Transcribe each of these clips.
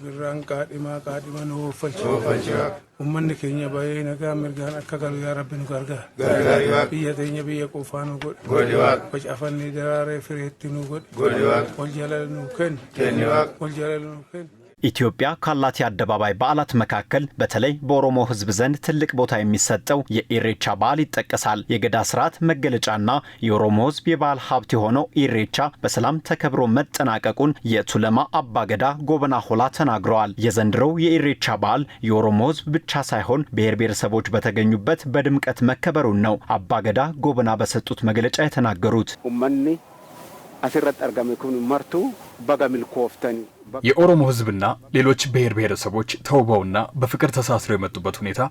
birraan kaadhimaa kaadhima nu oolfalcha. Uummanni keenya baay'ee nagaa mirgaan akka galu yaa rabbi nu gargaara. Biyya teenya biyya qofaa nu godhe. Facaafanni daraaree fireetti nu godhe. Wal jaalala nu kennu. Wal jaalala nu kennu. ኢትዮጵያ ካላት የአደባባይ በዓላት መካከል በተለይ በኦሮሞ ሕዝብ ዘንድ ትልቅ ቦታ የሚሰጠው የኢሬቻ በዓል ይጠቀሳል። የገዳ ስርዓት መገለጫና የኦሮሞ ሕዝብ የባህል ሀብት የሆነው ኢሬቻ በሰላም ተከብሮ መጠናቀቁን የቱለማ አባገዳ ጎበና ሆላ ተናግረዋል። የዘንድሮው የኢሬቻ በዓል የኦሮሞ ሕዝብ ብቻ ሳይሆን ብሔር ብሔረሰቦች በተገኙበት በድምቀት መከበሩን ነው አባገዳ ጎበና በሰጡት መግለጫ የተናገሩት። የኦሮሞ ህዝብና ሌሎች ብሔር ብሔረሰቦች ተውበውና በፍቅር ተሳስረው የመጡበት ሁኔታ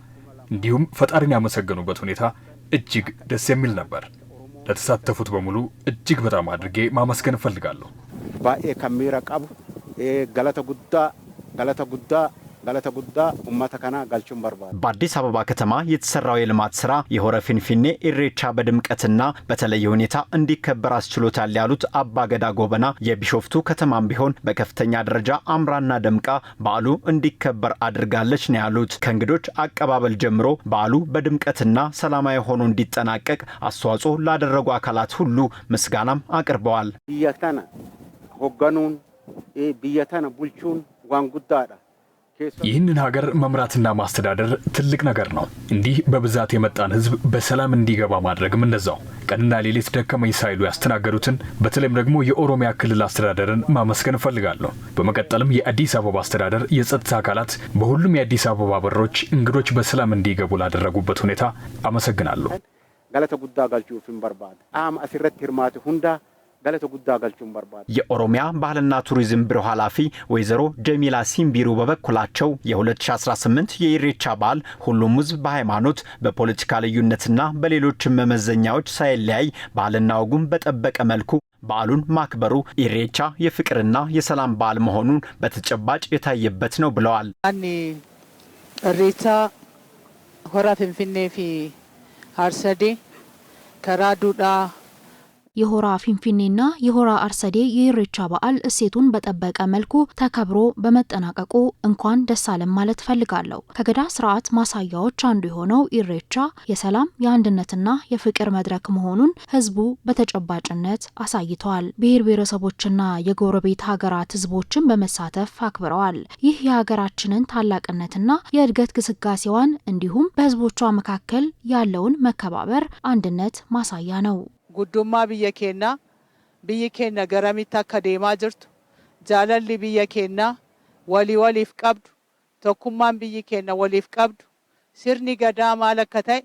እንዲሁም ፈጣሪን ያመሰገኑበት ሁኔታ እጅግ ደስ የሚል ነበር። ለተሳተፉት በሙሉ እጅግ በጣም አድርጌ ማመስገን እፈልጋለሁ። ባኤ ከሚረቀቡ ገለተ ጉዳ ገለተ ጉዳ ገለተ ጉዳ ኡመተ ከና ጋልቹን በርባ በአዲስ አበባ ከተማ የተሰራው የልማት ስራ የሆረ ፊንፊኔ ኢሬቻ በድምቀትና በተለየ ሁኔታ እንዲከበር አስችሎታል ያሉት አባ ገዳ ጎበና የቢሾፍቱ ከተማም ቢሆን በከፍተኛ ደረጃ አምራና ደምቃ በዓሉ እንዲከበር አድርጋለች ነው ያሉት። ከእንግዶች አቀባበል ጀምሮ በዓሉ በድምቀትና ሰላማዊ ሆኖ እንዲጠናቀቅ አስተዋጽኦ ላደረጉ አካላት ሁሉ ምስጋናም አቅርበዋል። ብየተነ ሆገኑን ብየተነ ቡልቹን ዋንጉዳዳ ይህንን ሀገር መምራትና ማስተዳደር ትልቅ ነገር ነው። እንዲህ በብዛት የመጣን ህዝብ በሰላም እንዲገባ ማድረግም እንደዛው። ቀንና ሌሊት ደከመኝ ሳይሉ ያስተናገዱትን በተለይም ደግሞ የኦሮሚያ ክልል አስተዳደርን ማመስገን እፈልጋለሁ። በመቀጠልም የአዲስ አበባ አስተዳደር የጸጥታ አካላት በሁሉም የአዲስ አበባ በሮች እንግዶች በሰላም እንዲገቡ ላደረጉበት ሁኔታ አመሰግናለሁ። ገለተ ጉዳ ሁንዳ የኦሮሚያ ባህልና ቱሪዝም ቢሮ ኃላፊ ወይዘሮ ጀሚላ ሲምቢሩ በበኩላቸው የ2018 የኢሬቻ በዓል ሁሉም ሕዝብ በሃይማኖት በፖለቲካ ልዩነትና በሌሎችም መመዘኛዎች ሳይለያይ ባህልና ወጉን በጠበቀ መልኩ በዓሉን ማክበሩ ኢሬቻ የፍቅርና የሰላም በዓል መሆኑን በተጨባጭ የታየበት ነው ብለዋል። ኢሬቻ ሆራ ፍንፍኔ ፊ አርሰዴ ከራዱዳ የሆራ ፊንፊኔና የሆራ አርሰዴ የኢሬቻ በዓል እሴቱን በጠበቀ መልኩ ተከብሮ በመጠናቀቁ እንኳን ደስ አለን ማለት ፈልጋለሁ። ከገዳ ስርዓት ማሳያዎች አንዱ የሆነው ኢሬቻ የሰላም የአንድነትና የፍቅር መድረክ መሆኑን ህዝቡ በተጨባጭነት አሳይተዋል። ብሔር ብሔረሰቦችና የጎረቤት ሀገራት ህዝቦችን በመሳተፍ አክብረዋል። ይህ የሀገራችንን ታላቅነትና የእድገት ግስጋሴዋን እንዲሁም በህዝቦቿ መካከል ያለውን መከባበር፣ አንድነት ማሳያ ነው። guddummaa biyya keenyaa biyyi keenya garamitti akka deemaa jirtu jaalalli biyya keenyaa walii waliif qabdu tokkummaan biyyi keenya waliif qabdu sirni gadaa maal akka ta'e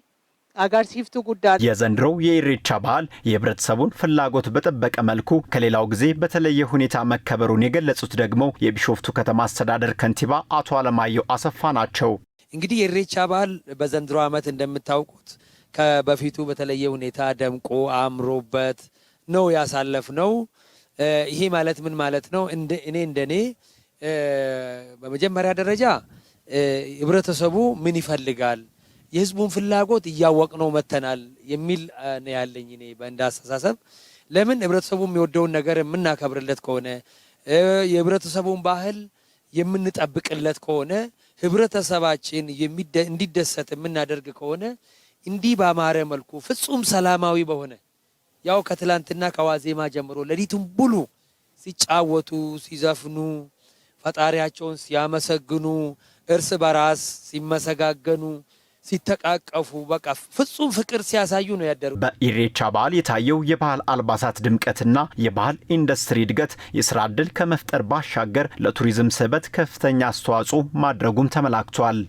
አጋርሲፍቱ ጉዳይ የዘንድሮው የኢሬቻ በዓል የህብረተሰቡን ፍላጎት በጠበቀ መልኩ ከሌላው ጊዜ በተለየ ሁኔታ መከበሩን የገለጹት ደግሞ የቢሾፍቱ ከተማ አስተዳደር ከንቲባ አቶ አለማየሁ አሰፋ ናቸው። እንግዲህ የኢሬቻ በዓል በዘንድሮ ዓመት እንደምታውቁት ከበፊቱ በተለየ ሁኔታ ደምቆ አምሮበት ነው ያሳለፍነው። ይሄ ማለት ምን ማለት ነው? እኔ እንደኔ በመጀመሪያ ደረጃ ህብረተሰቡ ምን ይፈልጋል፣ የህዝቡን ፍላጎት እያወቅነው መተናል የሚል ያለኝ እኔ በእንደ አስተሳሰብ። ለምን ህብረተሰቡ የሚወደውን ነገር የምናከብርለት ከሆነ የህብረተሰቡን ባህል የምንጠብቅለት ከሆነ ህብረተሰባችን እንዲደሰት የምናደርግ ከሆነ እንዲህ ባማረ መልኩ ፍጹም ሰላማዊ በሆነ ያው ከትላንትና ከዋዜማ ጀምሮ ሌሊቱን ሙሉ ሲጫወቱ፣ ሲዘፍኑ፣ ፈጣሪያቸውን ሲያመሰግኑ፣ እርስ በራስ ሲመሰጋገኑ ሲተቃቀፉ በቃ ፍጹም ፍቅር ሲያሳዩ ነው ያደሩ። በኢሬቻ በዓል የታየው የባህል አልባሳት ድምቀትና የባህል ኢንዱስትሪ እድገት የስራ እድል ከመፍጠር ባሻገር ለቱሪዝም ስህበት ከፍተኛ አስተዋጽኦ ማድረጉም ተመላክቷል።